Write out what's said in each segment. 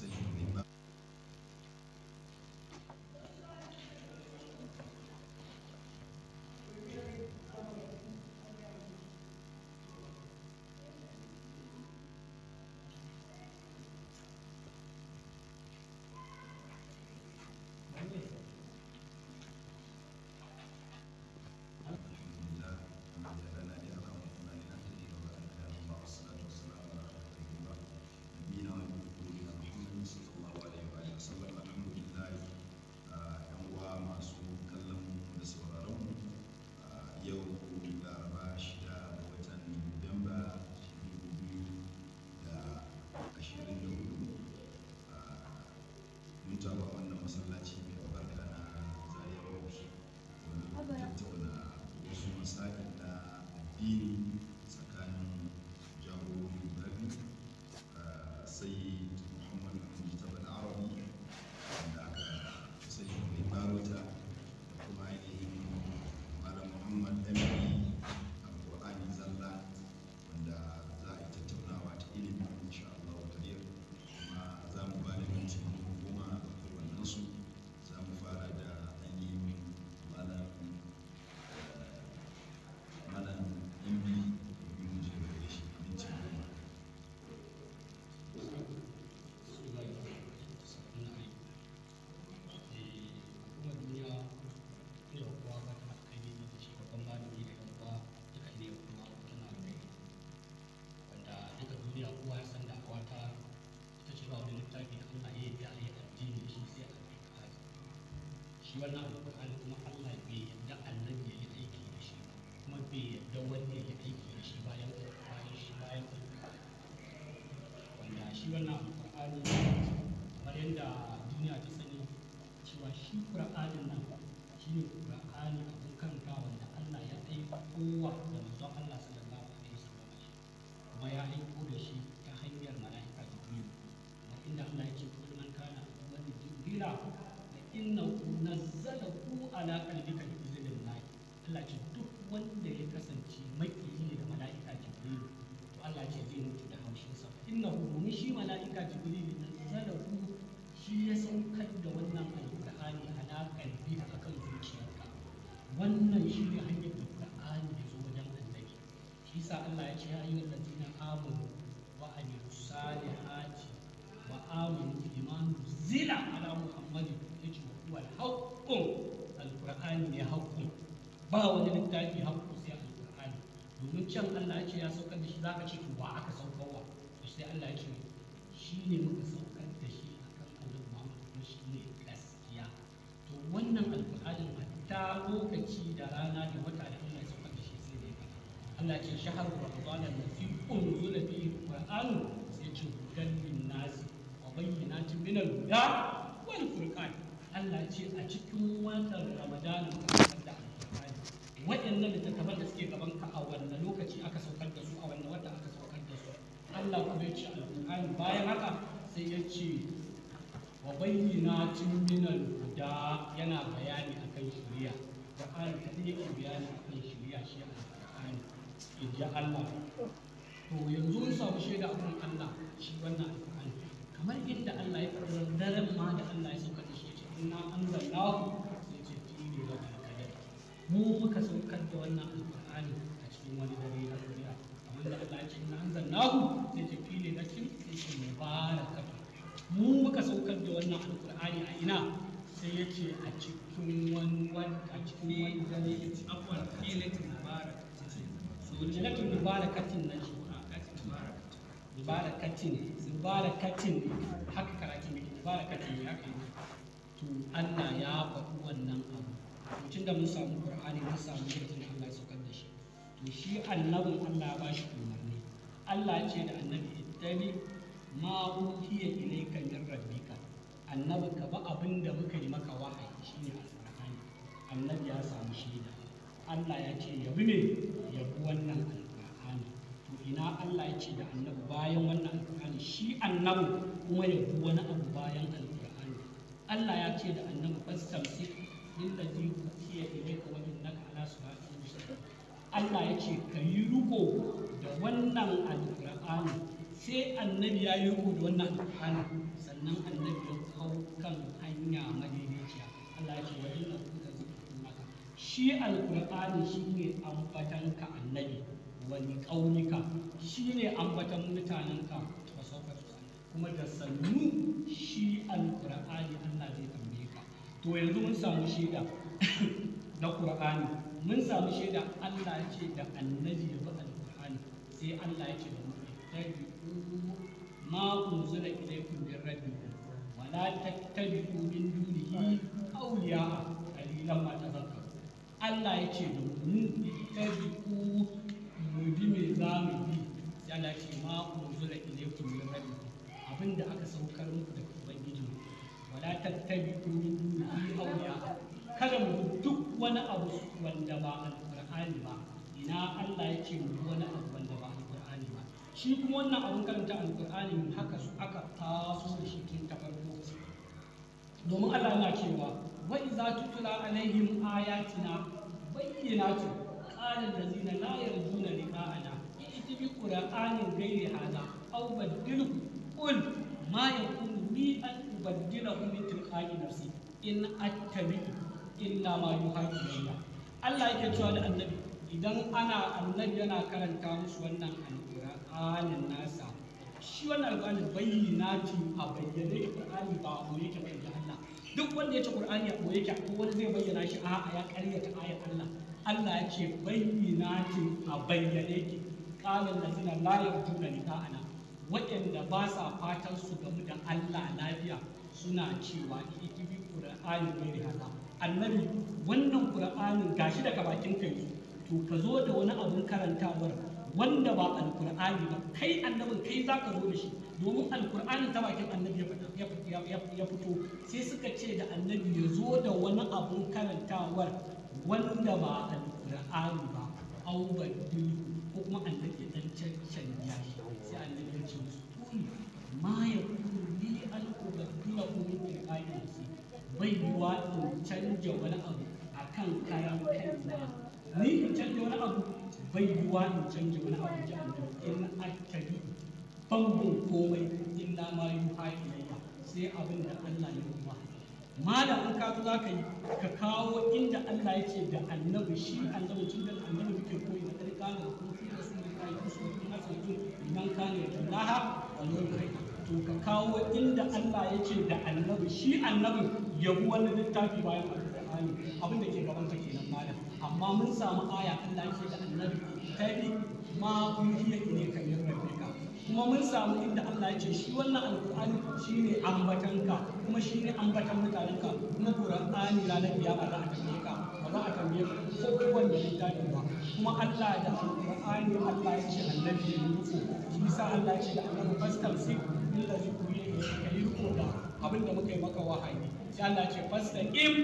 decision wani alƙur'ani kuma Allah bai yarda annabi ya yi aiki da shi kuma bai yarda wanda ya yi aiki da shi bayan bayan shi bayan wanda shi wannan alƙur'ani kamar yadda duniya ta sani cewa shi ƙur'anin nan shi ne ƙur'ani abin kanka wanda Allah ya aiko kowa da mutum Allah sallallahu shi Allah ya ce ya ayyuhal ladina amanu wa amilus salihati wa amanu bima Zila ala muhammadin yace wa huwa haqqun alqur'ani ne haqqun ba wani littafi haqqun sai alqur'ani domin can Allah ya ce ya saukar da shi ka ce wa aka saukarwa wa? sai Allah ya ce shi ne muka saukar da shi akan annabi Muhammad kuma shi ne gaskiya to wannan alqur'ani ta lokaci da rana da wata da Allah ce shahar Ramadan da fi unzula bihi Qur'an sai ce hudan lin nas wa bayyinatin min al-huda wal furqan Allah ce a cikin watan Ramadan da waɗannan littattafan da suke gaban ka a wanne lokaci aka saukar da su a wanne wata aka saukar da su Allah kuma ya ce al bayan haka sai ya ce wa bayyinatin min al-huda yana bayani akan shari'a Qur'an kadai yake bayani akan shari'a shi Allah in Allah to yanzu mun samu shaida a kan Allah shi wannan alƙur'ani kamar inda Allah ya karɓar daren ma da Allah ya sauka da shi ce inna anzalnahu ya ce fi ne da alƙadar mu muka saukar da wannan alƙur'ani a cikin wani dare na duniya kamar da Allah ya ce inna anzalnahu ya ce fi ne da kin ya ce mubaraka mu muka saukar da wannan alƙur'ani a ina sai ya ce a cikin wani a cikin wani dare afwan filatin ujilatu mubarakatin nake mubarakatin ah, mubarakatin haka karatun yake mubarakatin ya kai to Allah ya faɗi wannan abu mutum da mun samu Qur'ani mun samu shirkin Allah ya saukar da shi to shi annabin Allah ba shi umarni Allah ce da annabi ittabi ma uhiya ilayka min rabbika annabi ka ba abin da muka yi maka wahayi shine alqur'ani annabi ya samu shaida Allah ya ce yabi ne yabi wannan alƙur'ani to ina Allah ya ce da annabi bayan wannan alƙur'ani shi annabi kuma ya yabi wani abu bayan alƙur'ani Allah ya ce da annabi fastamsi lillazi utiya wani wa innaka ala siratin mustaqim Allah ya ce ka yi riko da wannan alƙur'ani sai annabi ya yi riko da wannan alƙur'ani sannan annabi ya hau kan hanya madaidaiciya Allah ya ce wa inna shi alkur'ani shi ne ka annabi wani ƙaunika shi ne ambatan mutanenka ba sauka kuma da sannu shi alkur'ani allah zai tambaye ka to yanzu mun samu shaida na qur'ani mun samu shaida allah ce da annabi ya bi alkur'ani sai allah ya ce da mutane tabi'u ma unzila ilaykum min rabbikum wala tattabi'u min dunihi awliya qalilan ma Allah ya ce da mu tabi ku mu bi me za mu bi yana ce ma ile ku min rabbikum abinda aka saukar muku daga ubangiji wala tattabi ku min hauya kada mu duk wani abu wanda ba alqur'ani ba ina Allah ya ce mu wani abu wanda ba alqur'ani ba shi kuma wannan abin karanta alqur'ani haka su aka taso da shi tun ta farko domin Allah yana cewa wa iza tutula alaihim ayatina bayyinatu qala allazina la yarjuna liqa'ana iti bi qur'anin ghairi hadha aw badilhu qul ma yakunu li an ubaddilahu min tilqa'i nafsi in attabi'u illa ma yuha ilayya Allah yake cewa da annabi idan ana annabi yana karanta musu wannan alqur'anin nasa shi wannan alqur'ani bayyinati a bayyane alqur'ani ba a koyi ta duk wanda ya ci qur'ani a boye ki ko wani zai bayyana shi a ya karyata ayat Allah Allah ya ce ki a bayyane ki qala allazina la yarjuna liqa'ana waɗanda ba sa fatan su gamu da Allah lafiya suna cewa bi qur'ani ne hada annabi wannan qur'anin gashi daga bakin kai to ka zo da wani abun karantawar wanda ba alkur'ani ba kai annabin kai za ka zo da shi domin alkur'ani ta bakin annabi ya fito sai suka ce da annabi ya zo da wani abun karantawar wanda ba alkur'ani ba auban ba ko kuma annabi ya dan ya shi sai annabi ya ce musu ma ya ni kuli alkubaddila ko min alqaidi bai yiwa in canja wani abu akan karan na ni in canja wani abu bai in canji wani abu ji annabi in akali ban bin komai illa ma yuha ilayya sai abin da Allah ya kuma malam an ka za ka yi ka kawo inda Allah yake da annabi shi annabi tun da annabi yake koyi da kalkana da kuma da su ne kai su ne a cikin nan ka ne da wannan a to ka kawo inda Allah yake da annabi shi annabi yabu wani littafi bayan alƙur'ani abin da ke gaban ka kenan amma mun samu aya Allah yake da annabi kai ma ne kan min ka. kuma mun samu inda Allah yake shi wannan alqur'ani shine ambatanka kuma shine ambatan mutanenka kuma qur'ani la kiyama za a tambaye ka ba za a tambaye ka ko kowanne littafi ba kuma Allah da alqur'ani Allah yake annabi ne rubuta shi yasa Allah yake da annabi fastamsik billazi ka kai ruko da abinda muka yi maka wahayi sai Allah ce fasta im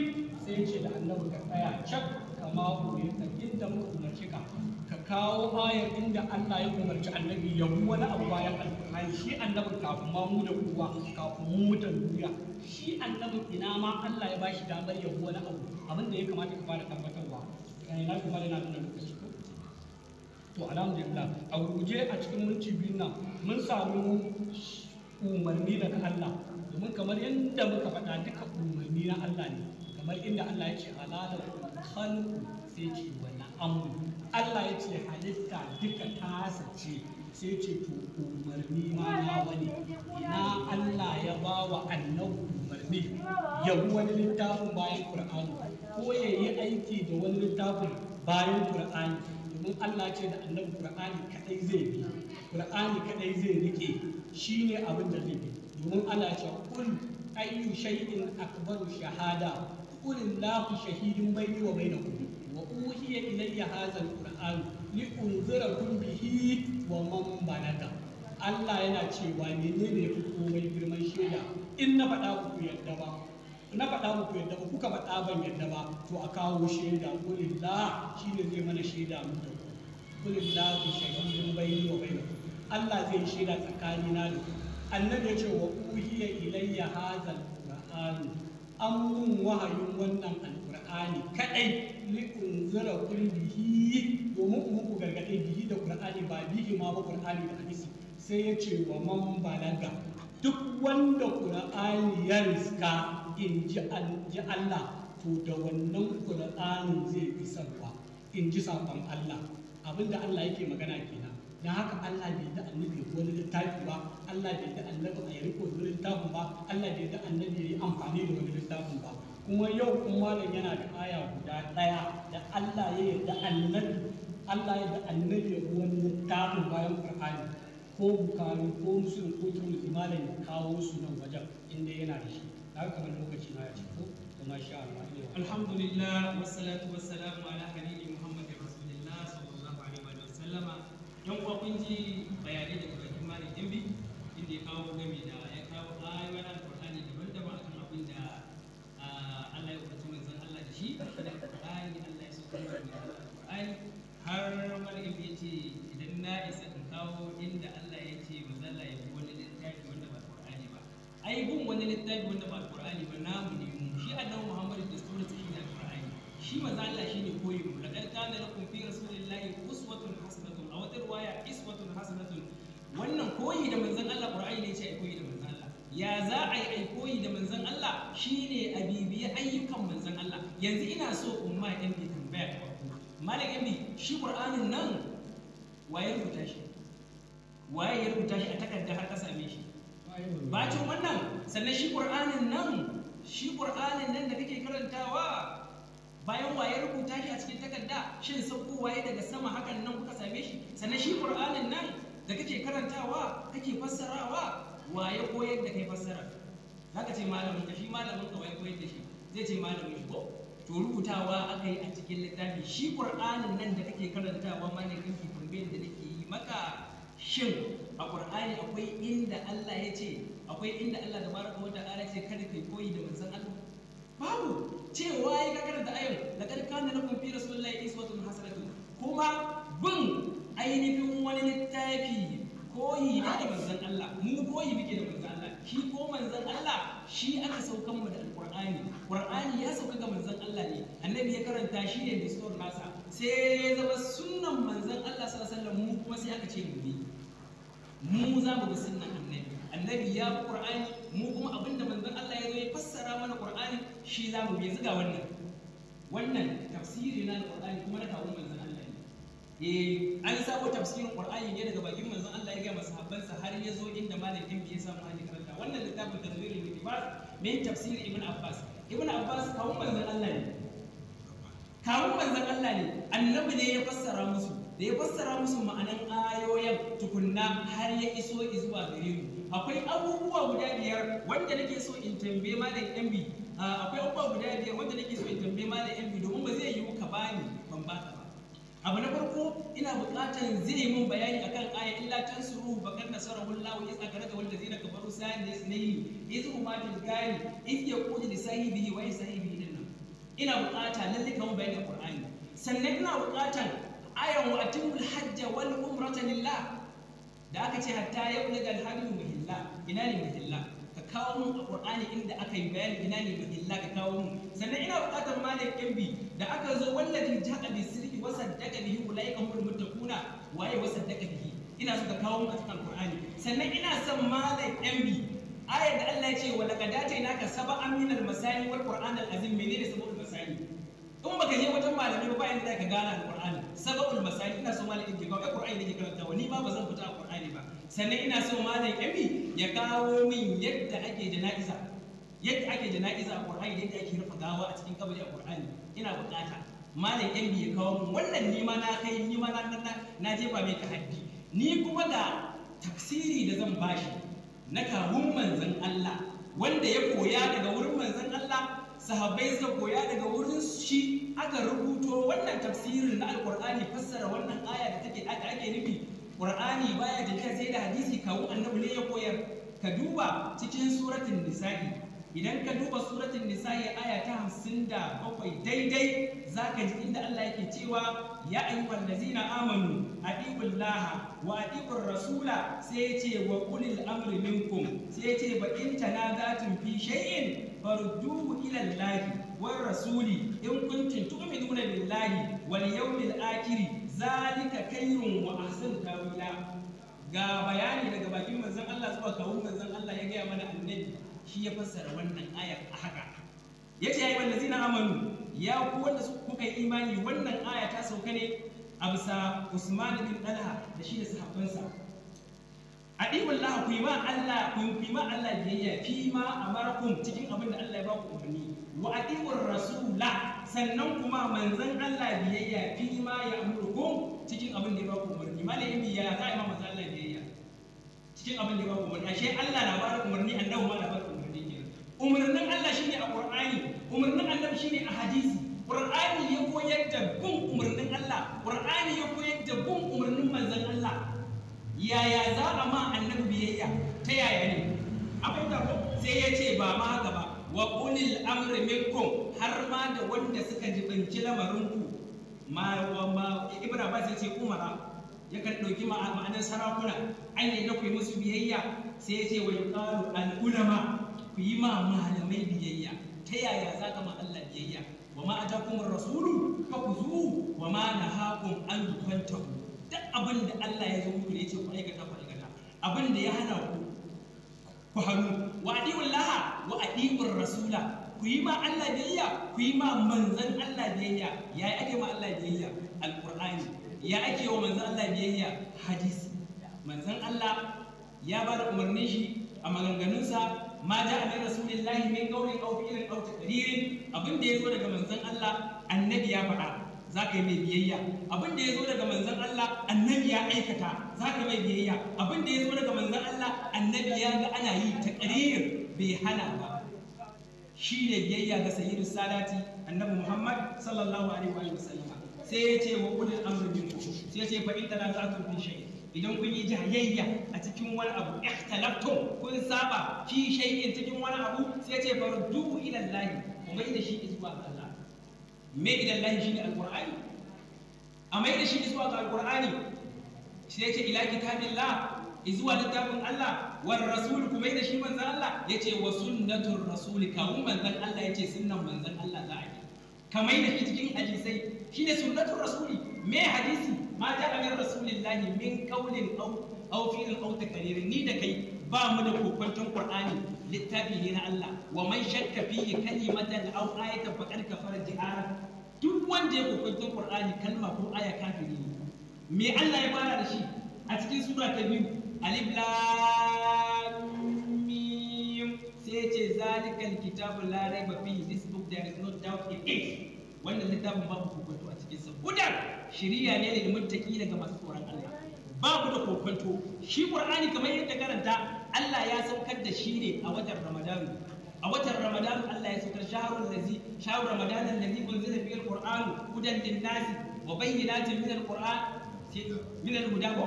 sai ce da annabi ka tsaya chak kama umirta inda muka umarci ka ka kawo ayar inda Allah ya umarci annabi ya bu wani abu bayan alƙur'ani shi annabin kafin ma mu da kowa kafin mu da duniya shi annabin ina ma Allah ya bashi damar ya bu wani abu abin da ya kamata ka fara tabbatarwa kai eh, na kuma yana nuna lokaci to alhamdulillah a guje a cikin minti biyu nan mun samu umarni daga Allah domin kamar yadda muka faɗa duka umarni na Allah ne kamar inda Allah ya ce halalar alkhalqu sai ce wani amru Allah ya ce halitta duka tasa ce sai ce to umarni ma na wani na Allah ya ba wa annabi umarni ya wani littafin bayan Qur'ani ko ya yi aiki da wani littafin bayan Qur'ani domin Allah ce da annabi kur'ani kaɗai zai bi kur'ani kaɗai zai rike shine abin da zai bi domin Allah ce kun ayyu shay'in akbaru shahada قل الله شهيد بيني وبينكم وأوحي إلي هذا القرآن لأنذركم به ومن بلغ Allah yana cewa menene ya fi komai girman shaida in na faɗa muku yadda ba na faɗa muku yadda ba kuka faɗa ban yadda ba to a kawo shaida kulillah shi ne zai mana shaida mu da ku kulillah ku shahidin bayni wa bayna Allah zai shaida tsakani na da ku annabi ya ce wa uhiya ilayya hadha alquran an mun wahayin wannan alkur'ani kaɗai. li unzira kun bihi domin muku gargaɗe bihi da qur'ani ba bihi ma ba qur'ani da hadisi sai ya ce wa man balaga duk wanda qur'ani ya riska in ji Allah to da wannan qur'anin zai isarwa in ji saƙon Allah abinda Allah yake magana kenan da haka Allah bai da annabi ko wani littafi ba Allah bai da annabi a yari ko wani littafin ba Allah bai da annabi ya yi amfani da wani littafin ba kuma yau kun malam yana da aya guda daya da Allah ya yarda annabi Allah ya da annabi ya wani littafin bayan Qur'ani ko bukari ko musulun ko turmuzi malam ya kawo su nan wajen inda yana da shi haka kamar lokaci na ya ce ko kuma sha Allah alhamdulillah wassalatu wassalamu ala habibi muhammadin rasulillah sallallahu alaihi wa sallama yan kuwa kun ji bayanai daga bakin malam dimbi inda ya kawo game da ya kawo ayoyin alƙur'ani daban-daban akan abin da Allah ya umarci manzon Allah da shi da alƙur'ani Allah ya sauka da alƙur'ani har malam dimbi ya ce idan na isa in kawo inda Allah ya ce ba Allah ya bi wani littafi wanda ba alƙur'ani ba ai bin wani littafi wanda ba alƙur'ani ba namu ne mu shi annabi Muhammad da sunan shi ne alƙur'ani shi manzon Allah shine koyi mu laqad kana lakum fi rasulillahi uswatun ruwaya iswatun hasanatun wannan koyi da manzon Allah Qur'ani ne ce ai koyi da manzon Allah ya za a yi ai koyi da manzon Allah shine a bibiye ayyukan manzon Allah yanzu ina so umma in bi tambaya ta farko malam shi Qur'anin nan waye rubuta shi waye ya rubuta shi a takarda har ka same shi bacin wannan sannan shi Qur'anin nan shi Qur'anin nan da kake karantawa bayan waye rubuta shi a cikin takarda shin saukowa ya daga sama hakan nan kuka same shi sannan shi qur'anin nan da kake karantawa kake fassarawa waye koyar da kai fassara zaka ce malamin ka shi malamin ka waye koyar da shi zai ce malamin shi ko to rubutawa aka yi a cikin littafi shi qur'anin nan da kake karantawa malamin kake tambayar da nake yi maka shin a qur'ani akwai inda Allah ya ce akwai inda Allah baraka wata ta'ala ce kada kai koyi da manzon Allah babu cewa ya ka da ayar da kan kana lakum fi rasulillahi wata hasanatu kuma bin ainihin wani littafi koyi ne da manzan Allah mu koyi muke da manzan Allah shi ko manzan Allah shi aka saukan mu da alqur'ani qur'ani ya sauka ga manzan Allah ne annabi ya karanta shi ne da sunan sai ya zama sunnan manzan Allah sallallahu alaihi wasallam mu kuma sai aka ce mu mu za mu ga sunnan annabi annabi ya fi qur'ani mu kuma abinda manzon Allah ya zo ya fassara mana qur'ani shi za mu bi ga wannan wannan tafsiri na qur'ani kuma na kawo manzon Allah ne eh an sabo tafsirin qur'ani ne daga bakin manzon Allah ya ga masahabbansa har ya zo inda malamin ya samu hali karanta wannan littafin tafsirin ibn min tafsir ibn Abbas ibn Abbas kawun manzon Allah ne kawun manzon Allah ne annabi ne ya fassara musu da ya fassara musu ma'anan ayoyin tukunna har ya iso zuwa gare mu akwai abubuwa guda biyar wanda nake so in tambaye malam MB ah, akwai abubuwa guda biyar wanda nake so in tambaye malam MB domin ba zai yiwu ka bani ban baka ba abu na farko ina buƙatar zai yi min bayani akan aya illa tansuru bakar nasarahu Allah is akaraka wal ladina kafaru sa'in yasnayi iz huma fil gari iz yaqulu li sahibihi wa sahibihi nan ina buƙata lalle kan bayani Qur'ani sannan ina buƙatar ayan wa atimul hajja wal umrata lillah da aka ce hatta yablaga al hajju ina ne mahilla ka kawo mun a qur'ani inda aka yi bayani ina ne mahilla ka kawo mun sannan ina buƙatar malam kimbi da aka zo wallahi jaqa bi sirri wa saddaqa bihi ulaika humul muttaquna waye wa saddaqa bihi ina so ka kawo mun a cikin qur'ani sannan ina son malam kimbi ayar da Allah ya ce wa laqad atainaka sab'an min al-masani wal qur'an al-azim menene sab'ul masani in baka je wajen malamai ba ba inda zaka gane al-qur'ani sab'ul masani ina so malamin ke ga qur'ani nake karantawa ni ma bazan fita al-qur'ani ba sannan ina so malam yami ya kawo min yadda ake jana'iza yadda ake jana'iza a ƙur'ani yadda ake rufe gawa a cikin kabari a ƙur'ani. ina bukata malam yami ya kawo min wannan ni na kai ni ma na na jefa mai tahaddi ni kuma ga tafsiri da zan bashi na kawun manzon Allah wanda ya koya daga wurin manzon Allah sahabbai suka koya daga wurin shi aka rubuto wannan tafsirin na alkur'ani fassara wannan aya da take ake nufi qur'ani baya tafiya sai da hadisi kawo annabi ne ya koyar ka duba cikin suratul nisa'i idan ka duba suratul nisa'i aya ta 57 daidai zaka ji inda Allah yake cewa ya ayyuhal ladzina amanu atiqullaha wa atiqur rasula sai ce wa ulil amri minkum sai ce ba in tanazatum fi shay'in farudduhu ila Allah wa rasuli in kuntum tu'minuna billahi wal yawmil akhir zalika kayyun wa ahsan tawila ga bayani daga bakin manzon Allah zuwa kawun manzon Allah ya gaya mana annabi shi ya fassara wannan ayar a haka yace ayi zina amanu ya ku wanda kuka yi imani wannan aya ta sauka ne a bisa Usman bin Talha da shi da sahabbansa adiwul lahu ku ma Allah ku ma Allah biyayya fi ma amarakum cikin abin da Allah ya ba ku umarni wa adiwur rasulullah sannan kuma manzon Allah biyayya fi ma ya ko cikin abin da ya ba ku umarni malami ya za a ma manzon Allah biyayya cikin abin da ya ba ku umarni ashe Allah na ba ku umarni annabi ma na ba ku umarni kenan umarnin Allah shine a Qur'ani umarnin annabi shine a hadisi Qur'ani ya koyar da bin umarnin Allah Qur'ani ya koyar da bin umarnin manzon Allah yaya za a ma annabi biyayya ta yaya ne abin da sai ya ce ba ma haka ba wa ulil amri minkum har ma da wanda suka jibinci lamarinku ma wa ma ibra ba sai ce umara ya kan dauki ma'anar sarakuna an yi ku yi musu biyayya sai yace ce wa yuqalu al ulama ku yi ma malamai biyayya ta yaya za ka ma Allah biyayya wa ma atakum rasulu fa kuzu wa ma nahakum an tukantahu duk abin da Allah ya zo muku ne ya ce ku aikata ku aikata abin da ya hana ku ku haru wa adi'un laha wa rasula ku yi ma Allah biyayya ku yi ma manzan Allah biyayya ya ake ma Allah biyayya alqur'ani ya ake wa manzan Allah biyayya hadisi manzan Allah ya ba da umarnin shi a maganganunsa ma ja a rasulillahi min qawlin aw fi'lin aw taqririn abin da yazo daga manzan Allah annabi ya faɗa za ka yi mai biyayya abin da ya zo daga manzan Allah annabi ya aikata za ka mai biyayya abin da ya zo daga manzon Allah annabi ya ga ana yi taqrir bai hana ba shi ne biyayya ga sayyidu salati annabi Muhammad sallallahu alaihi wa sallam sai ya ce wa ulil amri minkum sai ya ce fa in tanaza'tum fi shay'in idan kun yi jayayya a cikin wani abu ikhtalaftum kun saba fi shay'in cikin wani abu sai ya ce farudduhu ila Allah kuma da shi zuwa ga Allah me ila Allah shine alqur'ani amma da shi zuwa ga alqur'ani shi ce ila kitabillah izuwa littafin Allah wa rasul kuma da shi manzan Allah yace wa sunnatur rasul kawun manzon Allah yace sunnan manzon Allah za a yi kamar shi cikin hadisai ne sunnatur rasuli me hadisi ma ta amir rasulillahi min kaulin aw aw fi'lin ni da kai ba mu da kokwanton qur'ani littafi ne na Allah wa man shakka fihi kalimatan aw ayatan faqad kafara jihar? duk wanda ya kokwanton qur'ani kalma ko aya kafiri ne me Allah ya fara da shi a cikin sura ta biyu alif lam mim sai ce zalikal kitabu la raiba fihi this book there is no doubt in it wannan littafin babu kokonto a cikin sa gudan shari'a ne da muttaki daga masu tsoron Allah babu da kokonto shi qur'ani kamar yadda karanta Allah ya saukar da shi ne a watan Ramadan. a watan Ramadan Allah ya saukar shahrul ladzi shahrul ramadan alladhi unzila fihi alquran hudan lin-nasi wa bayyinatin min alqur'an min al-huda ko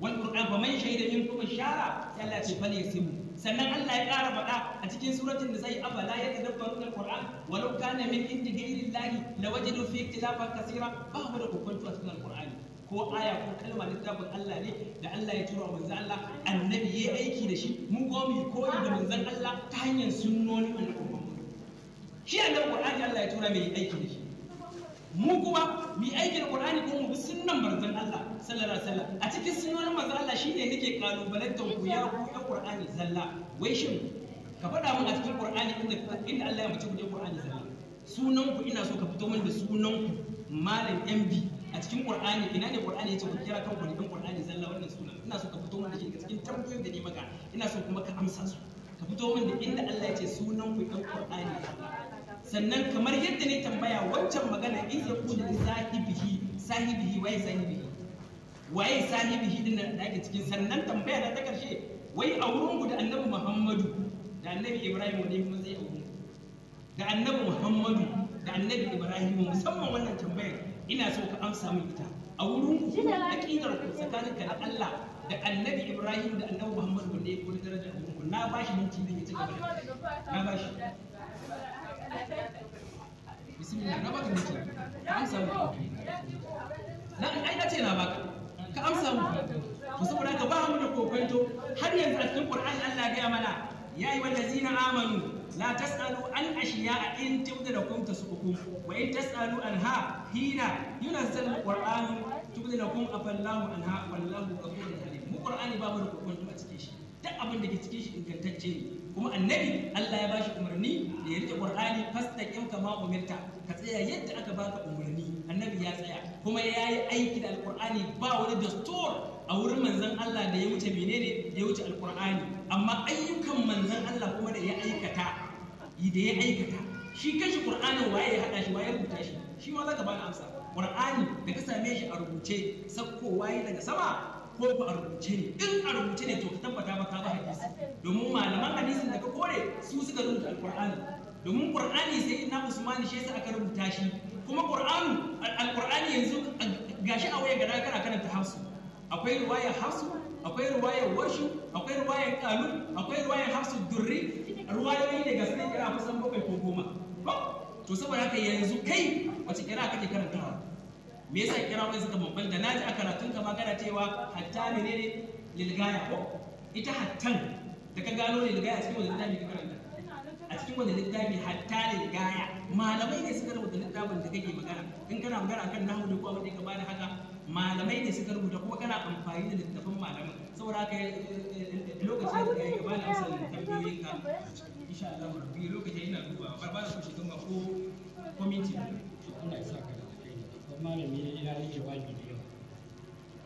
wal qur'an fa man shahida minkum ash-shara sai Allah ce yasimu sannan Allah ya ƙara faɗa a cikin suratul nisa'i afala yatadabbaruna da quran walau kana min indi ghayrillahi lawajadu fi ikhtilafan kaseera ba mu da hukunci a cikin al-qur'ani ko aya ko kalma littafin Allah ne da Allah ya tura manzo Allah annabi yayi aiki da shi mu ko koyi da manzon Allah ta hanyar sunnonin al'umma shi annabi Qur'ani Allah ya tura mai aiki da shi mu kuma mu aikin Qur'ani ko mu bi sunnan manzon Allah sallallahu alaihi wasallam a cikin sunan manzon Allah shine nake kalubalantar ku ya ku da Qur'ani zalla wai shin ka faɗa min a cikin Qur'ani inda inda Allah ya mutu ku Qur'ani zalla sunan ku ina so ka fito min da sunan ku malam MB a cikin Qur'ani ina ne Qur'ani yace ku kira kanku ne dan Qur'ani zalla wannan sunan ina so ka fito min da shi cikin tambayoyin da ni maka ina so kuma ka amsa su ka fito min da inda Allah ya ce sunan ku dan Qur'ani zalla sannan kamar yadda ne tambaya wancan magana in ya kuda sahibihi sahibihi waye sahibihi waye sahibihi din da ake cikin sannan tambaya na ta karshe wai a wurin da annabi muhammadu da annabi ibrahim ne kuma zai a da annabi muhammadu da annabi ibrahim musamman wannan tambayar ina so ka amsa min ita a wurin ku aqidar ku tsakaninka da Allah da annabi ibrahim da annabi muhammadu ne ya darajar daraja a ku na bashi minti ne ya ci gaba na bashi bismillah na baka ka amsa mu na ce na baka ka amsa mu to saboda ba mu da kokonto har yanzu a cikin qur'ani Allah ya mana ya yi wallazina amanu la tasalu an ashiya in tubda lakum tasukum wa in tasalu hina afallahu wallahu halim mu qur'ani ba mu da kokonto a cikin shi duk abin da ke cikin shi ingantacce ne kuma annabi Allah ya bashi umarni da ya rike Qur'ani fastaqim kama umirta ka tsaya yadda aka baka umarni annabi ya tsaya kuma ya yi aiki da alqur'ani ba wani dastur a wurin manzon Allah da ya wuce menene ya wuce alqur'ani amma ayyukan manzon Allah kuma da ya aikata da ya aikata shi kashi Qur'ani waye ya hada shi waye ya rubuta shi shi ma zaka bani amsa Qur'ani da ka same shi a rubuce sakko sakkowa daga sama ko ku a rubuce ne in a rubuce ne to ka tabbata ba ka ba hadisi domin malaman hadisin da ka kore su suka rubuta alqur'ani domin qur'ani sai inna usman shi aka rubuta shi kuma qur'anu alqur'ani yanzu gashi a waya gara kana karanta hafsu akwai ruwaya hafsu akwai ruwaya washu akwai ruwaya kalu akwai ruwaya hafsu durri ruwayoyi da sai kira kusan bakwai ko goma to saboda haka yanzu kai wace kira kake karantawa me yasa wani suka bambanta na naji a karatun ka magana cewa hatta ne lilgaya ko ita hattan da ka gano lilgaya cikin wani littafi ka karanta a cikin wani littafi hatta lilgaya malamai ne suka rubuta littafin da kake magana in kana magana akan nahu da ko abin da ka bada haka malamai ne suka rubuta kuma kana amfani da littafin malamai saboda haka eh, eh, eh, lokacin da ya gaba da amsar tambayoyin ka insha Allah rabbi lokacin ina dubawa ba ba da ko ba, ko ko minti ina isa ka babban malami ne ina nake wajibi da yau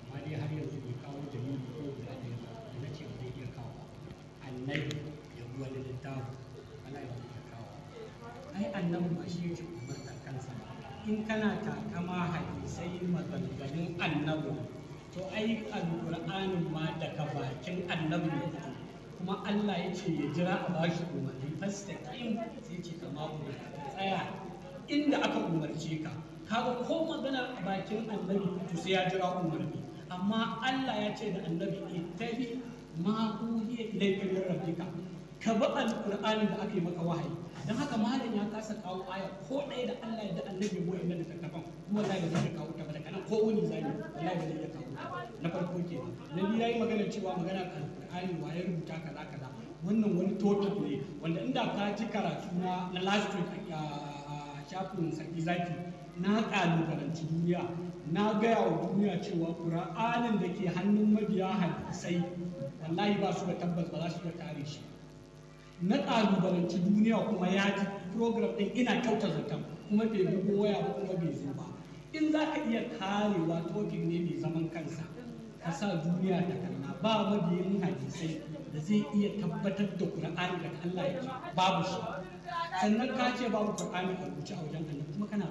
amma dai har yanzu bai kawo da dalili ko guda da da na ce bai iya kawo annabi ya bi wani littafi ana ya iya kawo ai annabi ba shi yake umartar kansa ba in kana takama hadisai maganganun annabi to ai alƙur'anin ma daga bakin annabi ya fito kuma Allah ya ce ya jira a bashi umarni fasta sai ce kama ku tsaya inda aka umarce ka kaga ko magana bakin annabi to sai ya jira umarni amma Allah ya ce da annabi ittabi ma uhiya ilayka laifin rabbika ka bi alqur'ani da aka yi maka wahayi dan haka malam ya kasa kawo aya ko ɗaya da Allah ya da annabi mu yana da takafan. kuma za ya zai kawo ta daga kana ko wani zai Allah ya da kawo na farko ke na biyu yayi magana cewa magana alqur'ani wa ya rubuta kaza kaza wannan wani total ne wanda inda ka ji karatu na last week a shafin sarki zaki na ƙalubalanci duniya na gaya wa duniya cewa ƙura'anin da ke hannun mabiya hadisai wallahi ba su da tabbas ba za su da kare shi na ƙalubalanci duniya kuma ya ji program ɗin ina kyauta zaton kuma bai bugo waya ba kuma bai zo ba in za ka iya karewa tokin ne mai zaman kansa ka sa duniya ta kalla ba mabiyin hadisai da zai iya tabbatar da ƙura'ani da Allah ya ce babu shi sannan ka ce babu ƙura'ani a rubuce a wajen kuma kana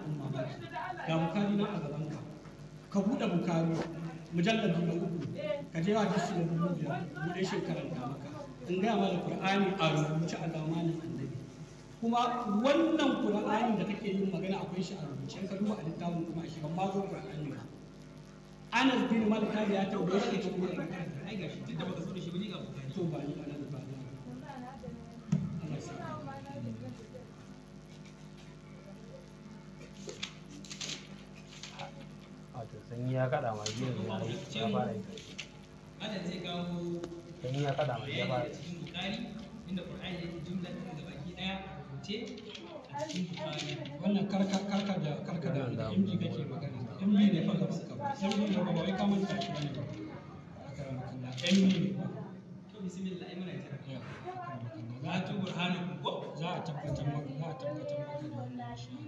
ga bukari na a gaban ka ka buɗe bukari mujallabi na uku ka je hadisi na dubu biyar buɗe shi karanta maka in gaya mana qur'ani a rubuce a zamanin annabi kuma wannan qur'ani da kake yin magana akwai shi a rubuce ka duba a littafin kuma shi ban ma zo qur'ani ba Anas bin Malik ya tabbata shi ta kuma ai gashi duk da baka so da shi ba bane ga bukari to ba ni ba in ya kada ma ya ya fara yi zai kawo in ya kada ma ya fara yi bukari inda qur'ani jumla da baki daya a a cikin bukari wannan karka karka da karka da magana ne fa ba wai ka shi ne ba akaramakallah mg ne to bismillah za a hannun ko za a tabbatar maka za a tabbatar maka da wannan shi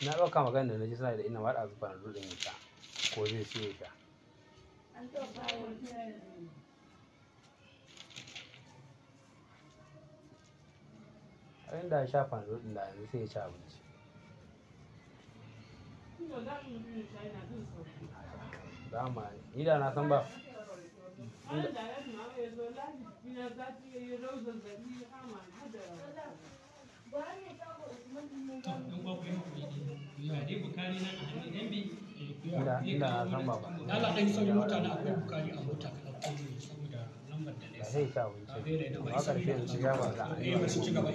Na ɗauka magana da na ji suna da ina waɗa zuba na dudin ita ko zai siye ta. An ɗauka da ya sha fanzo ɗin da yanzu sai ya ci abinci. Dama ni da na san ba. ina san baba Allah akwai bukari a mota lambar da ta ba za a yi ba su ci ba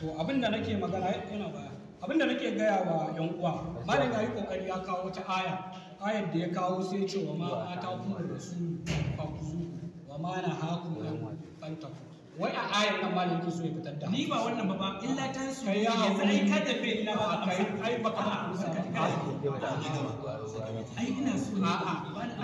to abinda nake magana yana ba abinda nake gaya wa yan uwa malam yayi kokari ya kawo wata aya ayar da ya kawo sai ce wa ma ata kuma rasu fakuzu wa ma na haku nan ku wai a ayar kan malam yake so ya fitar da ni ba wannan ba ba illa ta su ya zai kada bai na ba kai ai baka ba ka ai ina so ne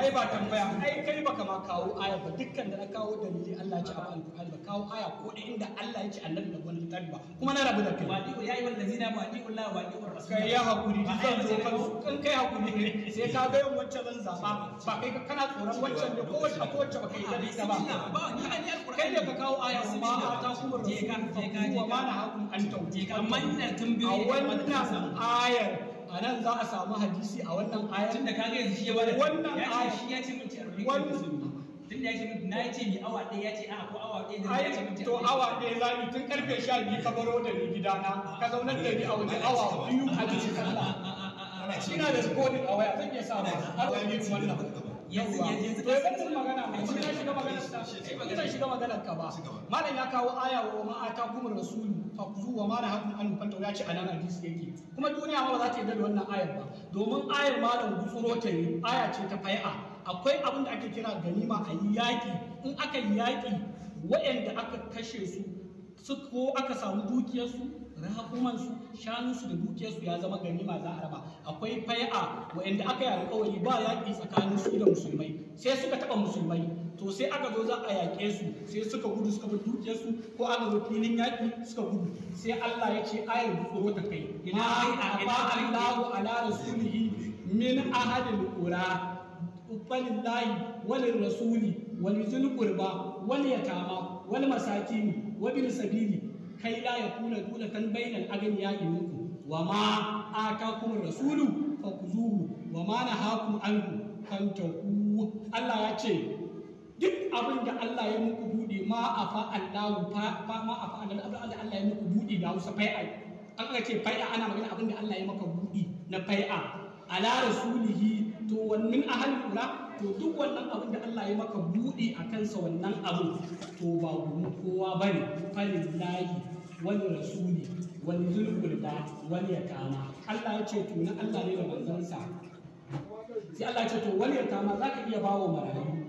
ai ba tambaya ai kai baka ma kawo aya ba dukkan da na kawo dalili Allah ya ci abu alqur'ani ba kawo aya ko da inda Allah ya ci annabi da wani littafi ba kuma na rabu da kai wa diu ya yi ladina wa diu Allah wa diu rasul kai ya hakuri zan so kan kai hakuri sai ka ga yan wacce zan zaba ba kai kana tsoron wancan ne ko wacce ko wacce ba kai da ita ba ba ni ani alqur'ani kai da ka kawo aya kuma ta kuma je ka je ka je ka ma na hakun an tauti amma ina tambayoyi a wannan ayar a nan za a samu hadisi a wannan ayar tun da kage yanzu shi ya bada wannan ya ce shi ya ce minti 40 wannan tun da ya ce na ce mi awa ɗaya ya ce a ko awa ɗaya da ya ce minti to awa ɗaya za ni tun karfe 12 ka baro da ni gidana ka zaunar da ni a wajen awa biyu a cikin sallah ina da recording a waya zan iya sa ba har wani wannan yanzu yanzu kai zan magana mai shi maganar ta ba shiga maganar ka ba malam ya kawo aya wa ma ata kumur rasulu fa kuzu wa ma nahakum an fanta ya ce anan hadisi yake kuma duniya ma ba za ta yarda da wannan ayar ba domin ayar malam gutsuro ta yi aya ce ta fai'a akwai abin da ake kira ganima a yi yaƙi in aka yi yaƙi waɗanda aka kashe su ko aka samu dukiyarsu rahakumansu shanunsu da dukiyarsu ya zama ganima za a raba akwai fai'a waɗanda aka yi alƙawari ba yaƙi tsakanin su da musulmai sai suka taɓa musulmai to sai aka zo za a yaƙe su sai suka gudu suka bar dukiyarsu ko aka zo filin yaƙi suka gudu sai Allah ya ce ayar tsoro ta kai ina ba Allahu ala rasulihi min ahadil qura falillahi walin rasuli wal zul qurba wal yatama wal masakin wa bil sabili kai la yakuna dulatan ya aghniya'i muku wa ma kuma rasulu kuzuhu wa ma na nahakum anhu fantahu Allah ya ce duk abin da Allah ya muku buɗe ma a Allah fa ma a fa'allahu abin da Allah ya muku buɗe da Hausa fai'a an ga ce fai'a ana magana abin da Allah ya maka buɗe na fai'a ala rasulihi to wannan ahalin ula to duk wannan abin da Allah ya maka buɗe a kansa wannan abin to ba gumi kowa ba ne falin lahi wani rasuli wani zulhulda wani ya kama Allah ya ce to na Allah ne da manzansa sai Allah ya ce to wani ya kama za ka iya ba wa marayu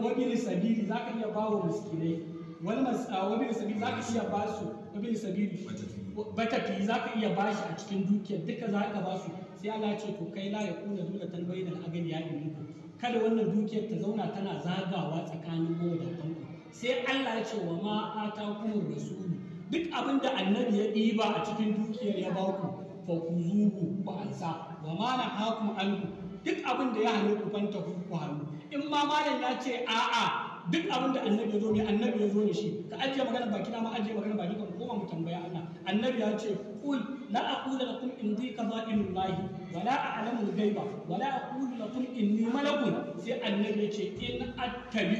wani lisabili za ka iya ba wa miskinai wani wani lisabili za ka iya ba su wani lisabili batafi za ka iya ba shi a cikin dukiya duka za ka ba su sai Allah ya ce to kai la ya kuna dole talbayin al'agani ya yi muku kada wannan dukiyar ta zauna tana zagawa tsakanin da kanku sai Allah ya ce wa ma atakumur rasulu duk abin da annabi ya ɗiba a cikin dukiyar ya ba ku fa kuzuhu ku ansa wa ma nahakum anhu duk abin da ya hane ku fanta ku hannu in ma malam ya ce a'a duk abin da annabi ya zo ne annabi ya zo ne shi ka ajiye magana baki na ma ajiye magana baki ko koma mu tambaya Allah annabi ya ce kul لا أقول لكم عندي قضاء من الله ولا أعلم الغيب ولا أقول لكم إني ملك في النبي إن أتبع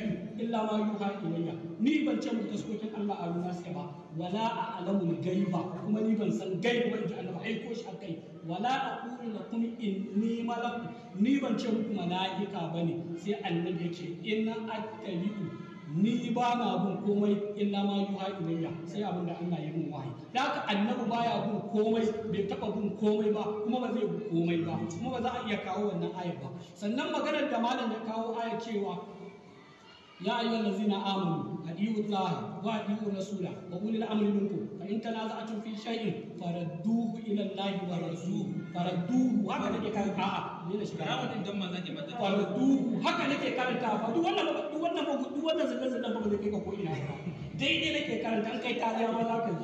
إلا ما يوحى إلي ni ban ce muku taskokin Allah a runa sai ba wala a'lamu al-ghaiba kuma ni ban san gaiba wanda Allah ai ko shi akai wala aqulu lakum inni malak ni ban ce muku mala'ika bane sai annabi yake inna attabi'u ni ba na bin komai illa ma yuha ilayya sai abin da Allah ya min wahayi da haka annabi baya bin komai bai taba bin komai ba kuma ba zai bin komai ba kuma ba za a iya kawo wannan ayar ba sannan maganar da malam ya kawo ayar cewa يا أيها الذين آمنوا أطيعوا الله وأطيعوا الرسول وأولي الأمر منكم فإن تنازعتم في شيء فردوه إلى الله ورسوله فردوه هكا نكي كارتا فردوه هكا نكي كارتا فدو ولا دو ولا دو ولا زلزل زلزل بقى نكي كوكو إلى دي دي نكي كارتا نكي تاريا ملاكا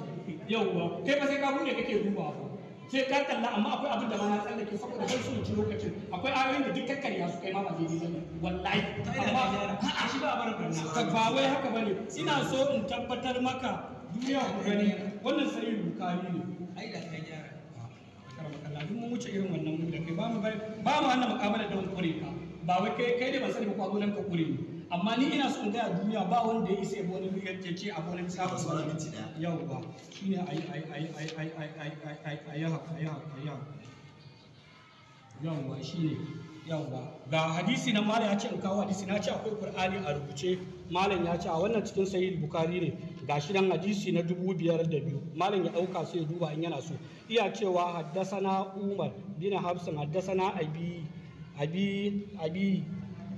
يوه كيف سيكابوني كي كي روبا sai ka kalla amma akwai abin da ma na tsallake saboda ban su ci lokacin akwai ayoyin da duk kakkarya su kai ma ba daidai bane wallahi amma a shi ba bar barna ba wai haka bane ina so in tabbatar maka duniya ku gani wannan sai bukari ne ai da kai gyara duk mun wuce irin wannan mu da kai ba mu ba mu wannan mukabalar da wani kure ka ba wai kai kai ne ban sani ba kwazo nan ka kure ne. amma ni ina son gaya duniya ba wanda ya isa wani ya ce a wani sabon sabon minti da yau ba shine ayi ayi ayi ayi ayi ayi ayi ayi ayi ayi yawwa shine yawwa ga hadisi na malam ya ce in kawo hadisi na ce akwai qur'ani a rubuce malam ya ce a wannan cikin sahih bukari ne gashi dan hadisi na dubu biyar da biyu malam ya dauka sai duba in yana so iya cewa na umar bin hafsan na abi abi abi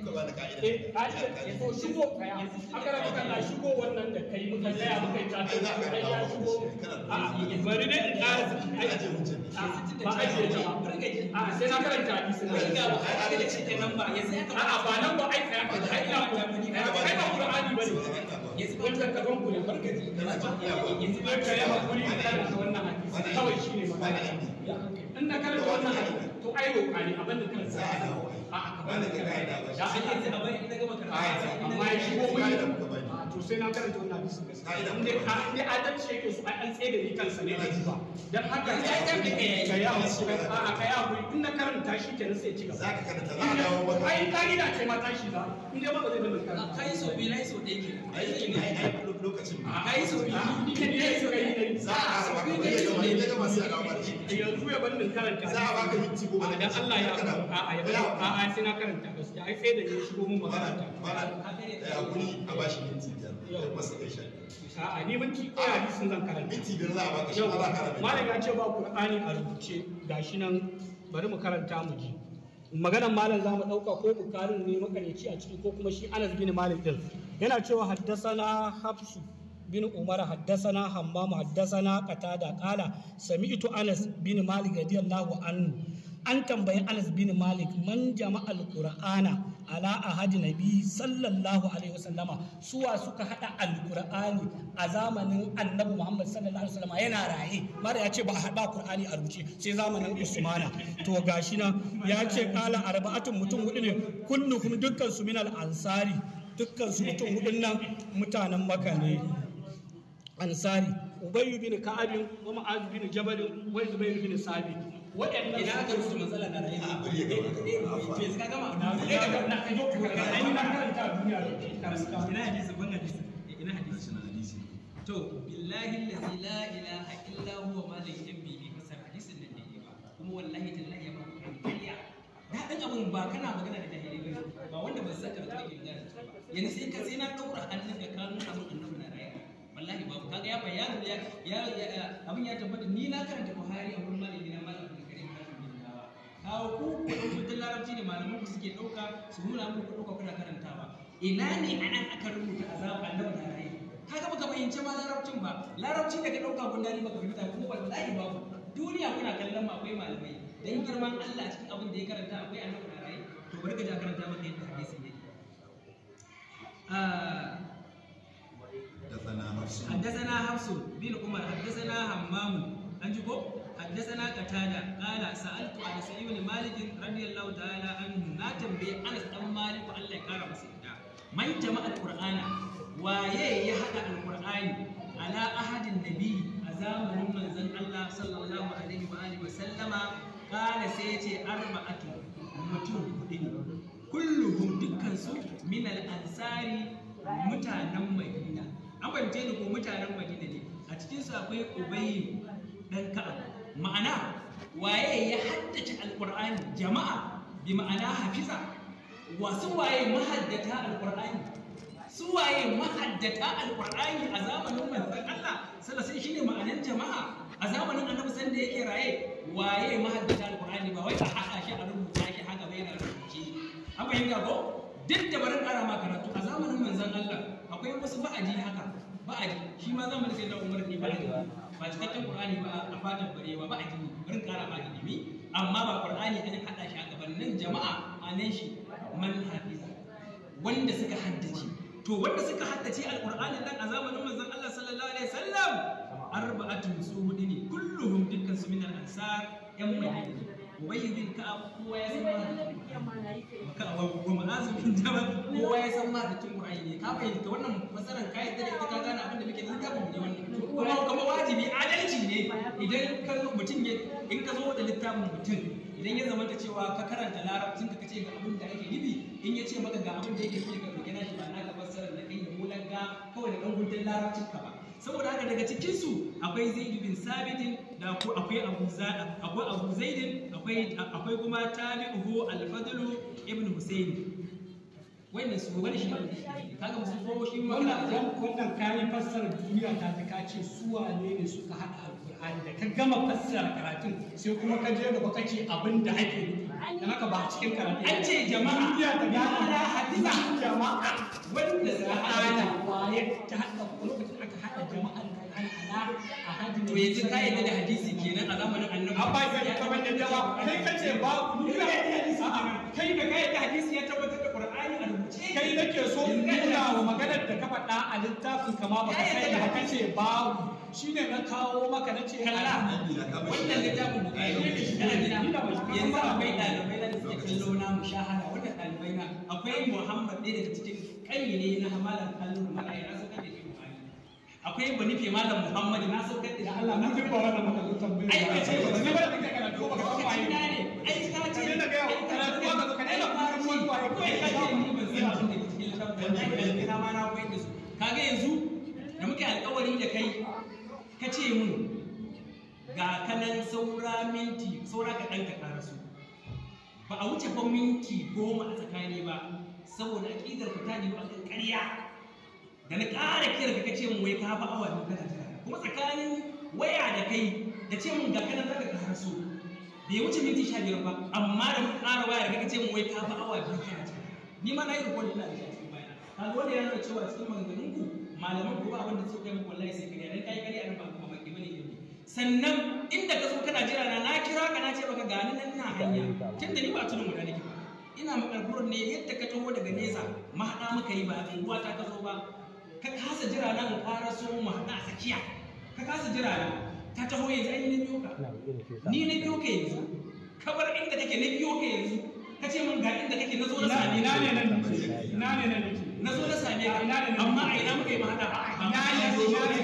kuka ba da ka'ida eh ka'ida ya so shigo kaya akara muka na shigo wannan da kai muka muka ta ta ya shigo a ah, bari ne in ƙara ai ah, ba a ce ta ba a ah, sai na karanta hadisi ba ga ba a da cike nan ba yanzu a ba nan ba ai kaya ai ina ku kai ba qur'ani ne. yanzu ban ka kaban ku ne barkaji yanzu ban ta yi hakuri da wannan hadisi kawai shine ne. in na karanta wannan hadisi to ai roƙa ne abin da kansa a ka bani ka gaida da kuka to sai na karanta wannan hadisi gaskiya inda ka inda adalci yake so an tsaye da ni kansa ne da ba dan haka ya ta bi ka ya a a ka ya hakuri in na karanta shi kenan sai ci gaba zaka karanta za a dawo maka ai ka'ida ce ma tashi za in dai maka da dinga karanta kai so bi nai so dai ke ai ai lokacin kai so bi ni ne dai so kai ne za a ba ka kai da wani daga masu alawa ba yanzu ya bandin karanta za a baka minti goma da Allah ya a a a sai na karanta gaskiya ai sai da ni ba a hakuri a da da a minti ya sun zan karanta minti biyar za a baka shi ba karanta malam ya ce ba qur'ani a rubuce gashi nan bari mu karanta mu ji maganan malam za mu ɗauka ko bukarin ne makareci a ciki ko kuma shi anas bin malik din yana cewa haddasana hafsu bin umar haddasana hammamu haddasana qatada qala sami'tu anas bin malik radiyallahu anhu an tambayi Anas bin Malik man jama'al Qur'ana ala ahadi nabi sallallahu alaihi wasallama suwa suka hada alqur'ani a zamanin annabi Muhammad sallallahu alaihi wasallama yana raye mara ya ce ba hada Qur'ani a rubuce sai zamanin Usmana to gashi na ya ce kala arba'atun mutum hudu ne kulluhum dukkan su minal ansari dukkan su mutum hudun nan mutanen Makka ne ansari ubayyu bin ka'abin wa ma'az bin jabal wa zubayr bin sabit waɗannan idan aka rubuta matsala na rayuwa a ka ka a ka a to billahi la ilaha illa huwa fasar hadisin nan ba kuma wallahi tallahi ya ba ku kariya abun ba kana magana da jahili ba ba wanda ba yanzu sai ka sai na daura hannun ka kan abun annabi na rayuwa wallahi ya ya ya tabbata ni na karanta Buhari a kawo ku ku rubutun larabci ne malamin ku suke ɗauka su nuna muku ku ɗauka kuna karantawa ina ne a nan aka rubuta azaba annabi da rai kaga baka fahimci ma larabcin ba larabci daga ɗauka gundari baka fahimta ko wallahi babu duniya kuna kallon ma akwai malamai dan girman Allah cikin abin da ya karanta akwai annabi da rai to bari ka ja karanta maka yadda hadisi ne حدثنا حفص بن عمر حدثنا همام ko. حدثنا قتادة قال سألت أنس بن مالك رضي الله تعالى عنه ما تنبي أنس بن مالك الله يكرم سيدا من جمع القرآن waye ya haɗa alƙur'ani ala ahadin nabi a zamanin manzon Allah sallallahu alaihi wa alihi sallama kana sai ya ce arba'atu mutum hudu ne kulluhum dukkan su min al mutanen Madina an bance mutanen Madina ne a cikin su akwai Ubay dan Ka'ab ma'ana waye ya haddace alƙur'ani jama'a bi ma'ana hafiza su waye mahaddata alƙur'ani su waye mahaddata alƙur'ani a zamanin manzon Allah sallallahu shine ma'anan jama'a a zamanin annabi sanda yake raye waye mahaddata alƙur'ani ba wai a haɗa shi a rubuta shi haka bai na rubuce an fahimta ko duk da barin ƙara karatu a zamanin manzon Allah akwai wasu ba'adi haka ba'adi shi ma zamanin sai da Umar ne ba'adi ba cikakken qur'ani ba a fatan barewa ba a gini bari kara ma ilimi amma ba qur'ani an hada shi a gaban nan jama'a anan shi man hafiza wanda suka haddace to wanda suka haddace alqur'ani dan a zamanin manzon Allah sallallahu alaihi wasallam arba'atun suhudini hudu ne kulluhum dukkan su min al-ansar yan madina ubayy ka ka'ab kowa ya san ma ka'ab wa ma'azim bin jabal kowa ya san ma da tun qur'ani ne ka fahimta wannan masalan ka yadda da ita ka gane abin da muke littafin ne wannan kuma kuma wajibi adalci ne idan ka mutum ya in ka zo da littafin mutum idan ya zama cewa ka karanta larabcin ka kace ga abin da ake nufi in ya ce maka ga abin da yake nufi ka magana shi ba na ka fassara na kai ya mulaga kawai da dan gudun larabcin ka ba saboda haka daga cikin su akwai zaidu bin sabitin da akwai abu akwai abu zaidin akwai akwai kuma tabi'uhu al fadlu ibn husayn Wai wannan su wani shi kaga musu tsoro shi ma wannan wannan kayan fassara duniya ta ta kace su wane ne suka hada alqur'ani da ka gama fassara karatun sai kuma ka je gaba kace abin da ake nufi dan haka ba cikin karatu an ce jama'a duniya ta ga ala hadisa jama'a wanda za a hada waye ta hada lokacin aka hada jama'a ala a hadin to yanzu ka yadda da hadisi kenan a zamanin annabi abba ya tabbata da kai kace ba ni hadisi? kai da kai da hadisi ya tabbata kai nake so in nuna wa maganar da ka faɗa a littafin kama ba ka sai da ka ce babu ne na kawo maka na ce kalla wannan littafin mu kai yanzu akwai ɗalibai da suke kallo na mushahara wannan ɗalibai na akwai Muhammad ɗaya daga cikin kai ne na hamalar kallon mala'ika na suka da akwai ba nufi malam Muhammad na so kai da Allah na ba wannan makalu tambayi ai ka ce ba ne ba da kake karatu ba ka ce ne ai ka ce ne da ga ba ka ne da kuma ko ai ka ce cikin abin da ke cikin littafin da ke da ma na koyar da su kaga yanzu da muke alƙawari da kai ka ce mun ga kanan saura minti saura ka ɗan ka ƙara su ba a wuce fa minti goma a tsakani ba saboda aƙidar ku ta jibu a ƙarya da na ƙara kira ka ce mun wai ka ba awa biyu kana jira kuma tsakanin waya da kai da ce mun ga kanan za ka su bai wuce minti sha biyar ba amma da muka ƙara waya da ka ce mun wai ka ba awa biyu kana jira ni ma na yi rikon ina da shi a cikin bayana kaga wanda ya nuna cewa cikin maganganun ku malaman ku ba abin da suka kai muku wallahi sai kariya ne kai kariya an ba ku ba ki bane ilimi sannan inda ka zo kana jira na na kira ka na ce baka ga ni nan ina hanya tunda ni ba tunan mu da nake ba ina makarfuran ne yadda ka taho daga nesa hada muka yi ba unguwa ta ka zo ba ka kasa jira na mu fara so mu hada tsakiya ka kasa jira na ta taho yanzu an yi na biyo ka ni na biyo ka yanzu kabar inda take na biyo ka yanzu ka ce min ga inda kake na zo na Na ne nan Na ne nan na zo na same ka ina ne amma a ina muka yi mahada ba ina ne ina ne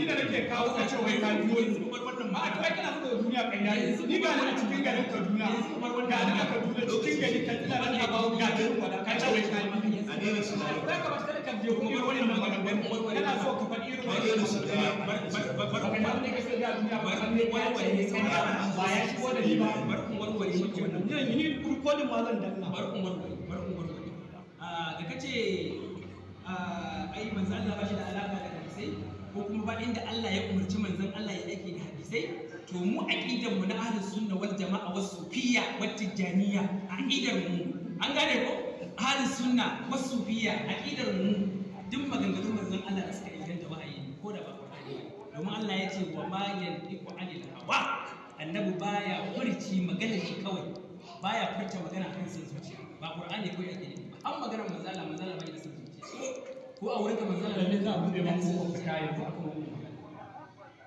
ni nake kawo ka ce wai ka biyo ni kuma wannan ma a to kana so duniya kan yayi ni ba ni a cikin garin Kaduna kuma ga ni a cikin ne ka tana nan a bawo ga garin wala ka ce wai ka yi a ne ne ka ta ka biyo kuma wani. maganganun kana so ka irin da bar bar bar bar ne da duniya bar ne wani wani ba ya shigo da ba kodin ma zan danna bar umar bar umar da kace ah, ai manzo Allah ba shi da alaka da hadisai ko kuma ba inda Allah ya umarci manzon Allah ya dake da hadisai to mu aqidan mu na ahlus sunna wal jama'a was sufiyya wat tijaniya aqidar mu an gane ko ahlus sunna was sufiyya aqidar mu duk maganganu manzon Allah da suka inganta wahayi ko da ba Qur'ani domin Allah ya ce wa ma yantiqu anil hawa annabi baya furci maganar shi kawai baya furta magana kan san zuciya ba qur'ani ko yake ne an magana manzala manzala bai da bai san zuciya ko a wurin ka manzala ne za a bude ma ko ka kai ba ko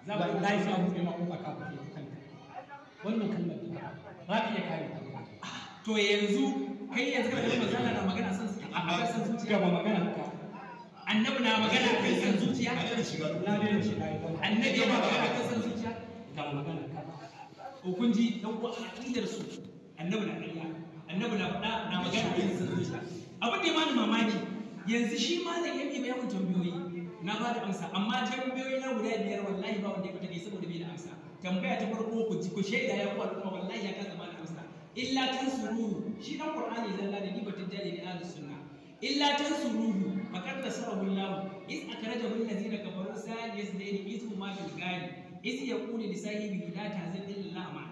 za a dai sai a bude ma ko ka kai kanta wannan kalmar da ba ka iya kare to yanzu kai yanzu ka kalmar manzala na magana san a san zuciya ba magana ka annabi na magana kan san zuciya na daina shiga annabi ya magana kan san zuciya ka magana ka hukunci dan ku aqidar su annabi na ƙarya annabi na faɗa na magana a yin abin da ya bani mamaki yanzu shi ma zai iya biya yawan tambayoyi na ba da amsa amma tambayoyi na guda biyar wallahi ba wanda ya fita kai saboda bai da amsa tambaya ta farko ku ku shaida ya kuwa kuma wallahi ya kasa da amsa illa tansuru shi dan qur'ani zalla da ni ba tajjali da ahlus sunna illa tansuruhu faqad nasarahu allah iz ya allazina kafaru sa'id yazdani izhuma fil ghaib iz yaqulu li sahibihi la tahzan illa ma'a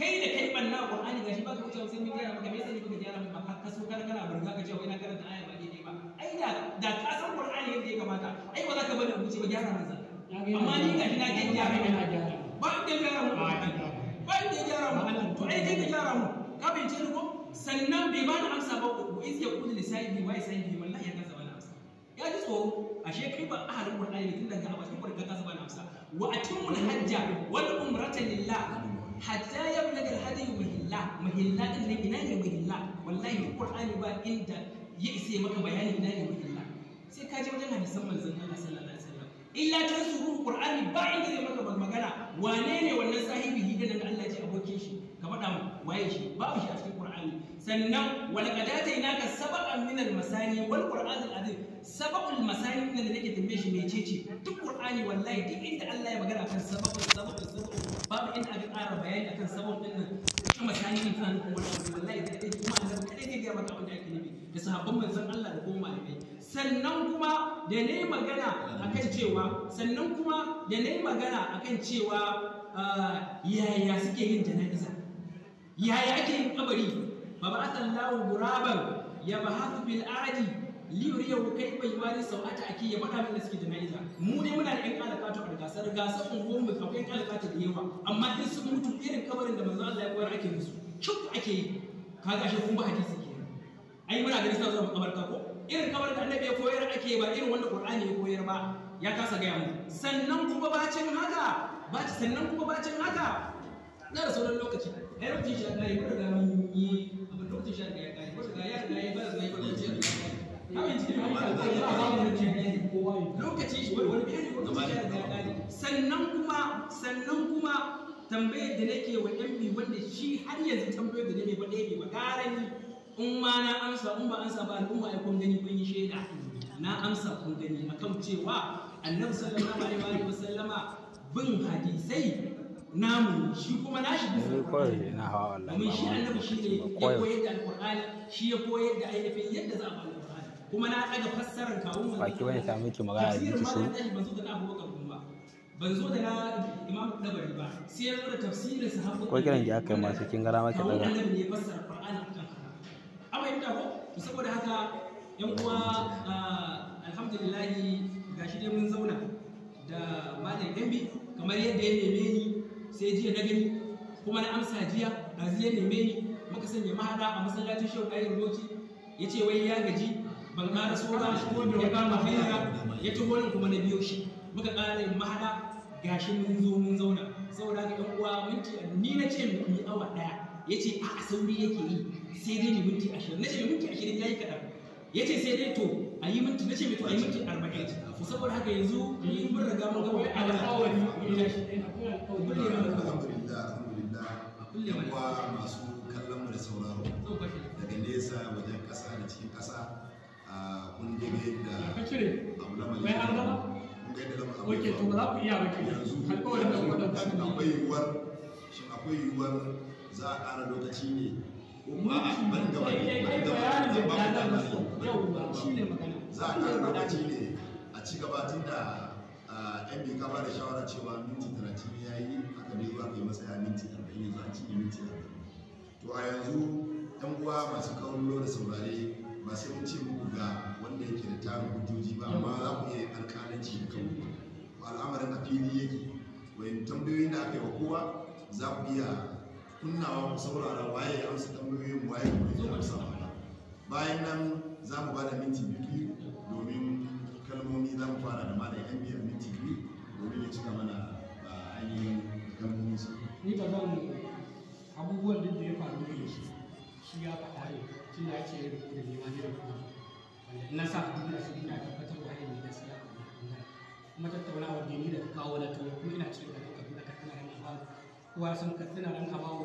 kai da kai banna qur'ani gashi ba baka wuce sai mun gyara maka me yasa ne baka gyara mun ba ka so kar kana burga ka ce wai na karanta aya ba daidai ba ai da da ka san qur'ani yadda ya kamata ai ba za ka bada wuce ba gyara mun amma ni gashi na kai gyara mun ba da gyara mun ba da gyara mun to ai kai ka gyara mun ka bince ni ko sannan bai bani amsa ba ko iz ya kullu lisaihi wa isaihi wallahi ya kasa bani amsa ya ji tsoro ashe kai ba ahalin qur'ani ne tun daga abacin qur'ani ka kasa bani amsa wa atimul hajja wal umrata lillah hatta yabna da hadi muhilla muhilla din nan ina ne muhilla ba inda ya ise maka bayani ina ne muhilla sai ka je wajen hadisan manzon Allah sallallahu alaihi wasallam illa tansuru qur'ani ba inda zai maka magana wane ne wannan sahibi hidan da Allah ya ce abokin shi ka faɗa mu waye shi babu shi a cikin qur'ani sannan wani ka kadata ina ka saba'an minal masani wal qur'an al azim sababul masani din da nake tambaye shi mecece duk qur'ani wallahi duk inda Allah ya magana kan sababul sababul sababul babu inda aka ƙara bayani akan sababul din nan shi masani din kan wallahi da dai kuma annabi kada ne ga maka wanda ake nufi da sahabban manzon Allah da goma da sannan kuma da ne magana akan cewa sannan kuma da ne magana akan cewa ah, yaya suke yin jana'iza yaya ake yin kabari فبعث الله غرابا يبحث بالأعدي liyuriyahu kai bai wari sau ata ake ya faɗa min da suke jana'iza mu ne muna da ƴan a gasar gasar unguwar mu akwai kalakatu da yawa amma in sun mutu irin kabarin da manzo Allah ya koyar ake musu cuk ake yi kaga shi kun ba hadisi kenan ai muna gani suna zuwa makabarta ko irin kabarin da annabi ya koyar ake ba irin wanda qur'ani ya ba ya kasa gaya mu sannan kuma bacin haka ba sannan kuma bacin haka yi lokacin shan ya zai ba shi wani shan sannan kuma sannan kuma tambayar da nake wa MP wanda shi har yanzu tambayar da nake wa ɗaya ba ƙarani in ma na amsa in ba amsa ba al'umma ai kun gani kun yi shaida na amsa kun gani akan cewa annabi sallallahu alaihi wa sallama bin hadisai namu shi kuma na nashi eh, ne kawai na hawa wallahi domin shi annabi shi ne ya koyar da alqur'ani shi ya koyar da ainihin yadda za a ba alqur'ani kuma na daga fassarar kawun manzo baki wani ta miki magana da kishi ban zo da na abubakar kuma ban zo da na imam dabari ba sai ya zo da tafsirin sahabbai ko kiran ki aka yi masu kin gara maki daga annabi ne fassara alqur'ani akan amma yadda ko saboda haka yan uwa ah, alhamdulillah gashi dai mun zauna da malam dambi kamar yadda ya neme ni sai jiya na gani kuma na amsa jiya da zai neme ni muka sanya mahada a masallacin shehu ayyar roki ya ce wai ya gaji ban kara so ba shi ko da kama hanya ya ci holin kuma na biyo shi muka kara yin mahada gashi mun zo mun zauna saboda ga ɗan uwa minti ni na ce mu yi awa ɗaya ya ce a sauri yake yi sai dai ni minti ashirin na ce minti ashirin ya yi kaɗan ya ce sai dai to a yi minti na ce mai to a yi minti arba'in saboda haka yanzu ni mun riga mun wani alƙawari mun yi masu kallon da sauraro daga nesa wajen kasa da cikin kasa a kun da abu yanzu akwai yiwuwar shin akwai yiwuwar za a ƙara lokaci ne kuma a ban gaba ban za a ƙara lokaci ne a ci gaba tun da yan ah, ka ba da shawara cewa minti talatin ya yi aka ne zuwa kai masaya minti arba'in yanzu an cinye minti arba'in to a yanzu yan uwa masu kawo da saurare ba sai mun ce muku ga wanda yake da tarin hujjoji ba amma za ku iya alƙalanci da kanku al'amarin a fili yake wayan tambayoyin da aka yi wa kowa za ku iya kunnawa ku saurara waye ya amsa tambayoyin waye ku ya amsa ba bayan nan za mu ba da minti biyu domin kalmomi za mu fara da malam ya cika mana ainihin su ni ba zan abubuwan duk da ya faru da shi shi ya faɗa ne tun da ake yin da nema ne da kuma na sa duk da su ina tabbatar wa ne da siya kuma tattauna da ni da kawo na tawo kuma ina cikin da kuka buɗe katsina ran abawo kowa sun suna ran abawo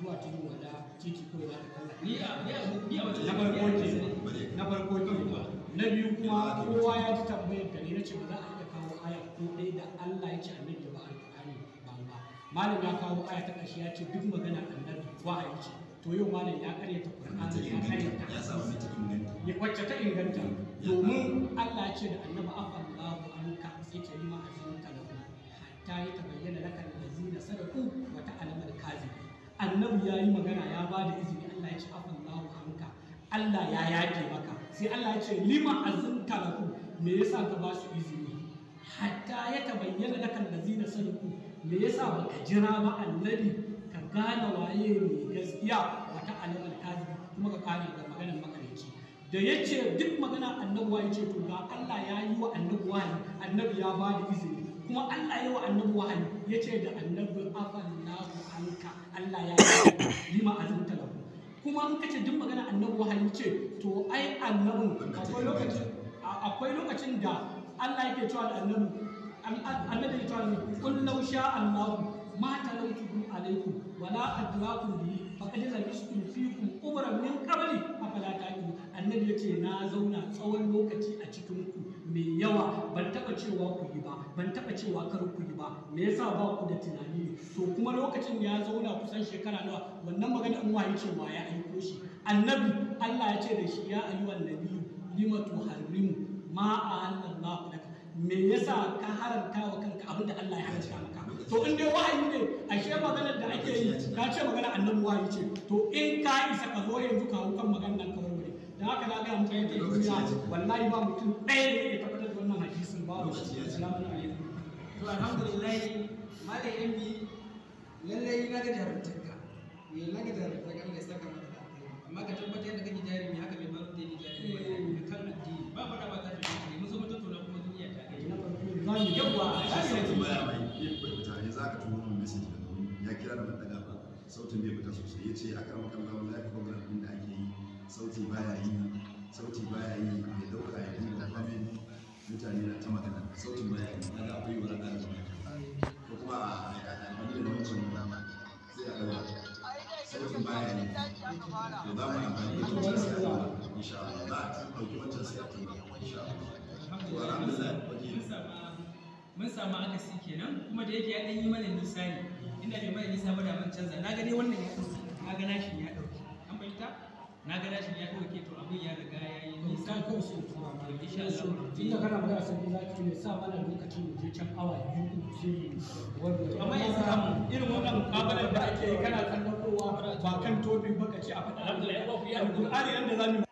zuwa tudun wanda titi kawai za ka kalla ni a ni a na farko ke na farko na biyu kuma kowa ya ji tambayar da ni na ce ba za a ko dai da Allah ya ce da ba alƙur'ani ba ba malam ya kawo aya ta ƙarshe ya ce duk magana annabi wahayi ce to yau malam ya karyata Qur'ani ya karyata ya samu ta inganta ya wacce ta inganta domin Allah ya ce da annabi afallahu anka sai ke yi maka zinka da ku hatta ya tabayyana laka allazina sadaku wa ta'lamu al kadi. annabi ya yi magana ya ba da izini Allah ya ce afallahu anka Allah ya yake maka sai Allah ya ce lima azinka lahu me yasa ka ba su izini hatta ya tabayyana da kan lazina sadaku me yasa baka jira ba annabi ka gane waye ne gaskiya wata alimar kazi kuma ka kare da maganar makarici da ya ce duk magana annabuwa yace ce to ga Allah ya yi wa annabuwa ne annabi ya ba da izini kuma Allah ya yi wa annabuwa ne ya ce da annabi afallahu anka Allah ya yi lima azanta lahu kuma in kace duk magana annabuwa ne ce to ai annabin akwai lokacin akwai lokacin da Allah yake cewa da annabi annabi yake cewa kun law sha Allah ma talawtuhu alaikum wala adraku bi faqad labistu fikum umran min qabli afala yi. annabi yace na zauna tsawon lokaci a cikin ku mai yawa ban taba cewa ku yi ba ban taba cewa kar ku yi ba me yasa ba ku da tunani to kuma lokacin ya zauna kusan shekara nawa wannan magana an ce wa ya aiko shi annabi Allah ya ce da shi ya ayyuhan nabiyyu limatu harimu ma ahallallahu laka me yasa ka haramta wa kanka abin da Allah ya haramta maka to in dai wahayi ne ashe maganar da ake yi ka ce magana annabi wahayi ce to in ka isa ka zo yanzu ka hukan maganar nan ka warware da haka na ga mutane da duniya wallahi ba mutum ɗaya ne ya tabbatar da wannan hadisin ba assalamu alaikum to alhamdulillah malai yanzu lallai na ga jarumtarka eh na ga jarumtarka Allah ya saka maka da amma ka tabbatar da kake jarumi haka bai bar da yake jarumi kan addini ba fara ba yawa ya sai tambaya mai bai fita ya zaka turo mun message da mu. ya kira da madaga ba sautin bai fita sosai ya ce aka wallahi program din da ake yi sauti baya yi sauti baya yi ya dauka ya dinga kamin mutane na ta magana sautin baya yi kaga akwai wani da ko kuma a amfani da wancan dama sai a dawo sautin baya yi da za mu amfani da wancan sai a insha Allah za a ɗauki wancan sai a tura insha Allah to alhamdulillah mun samu akasi kenan kuma da yake ya ɗan yi mana nisa ne inda bai mana nisa ba da mun canza na ga dai wannan ya ɗauki na ga nashin ya ɗauki an fahimta na ga nashin ya ɗauke to abin ya riga ya yi nisa ko shi sha Allah tun da kana magana sai za ki ne sa mana lokacin mu je can awa biyu ko shi wanda amma yanzu kamu irin wannan mukabalar da ake kana kallon kowa ba kan tobi baka ce a faɗa alhamdulillah ya ba ku yi alƙur'ani yanda zamu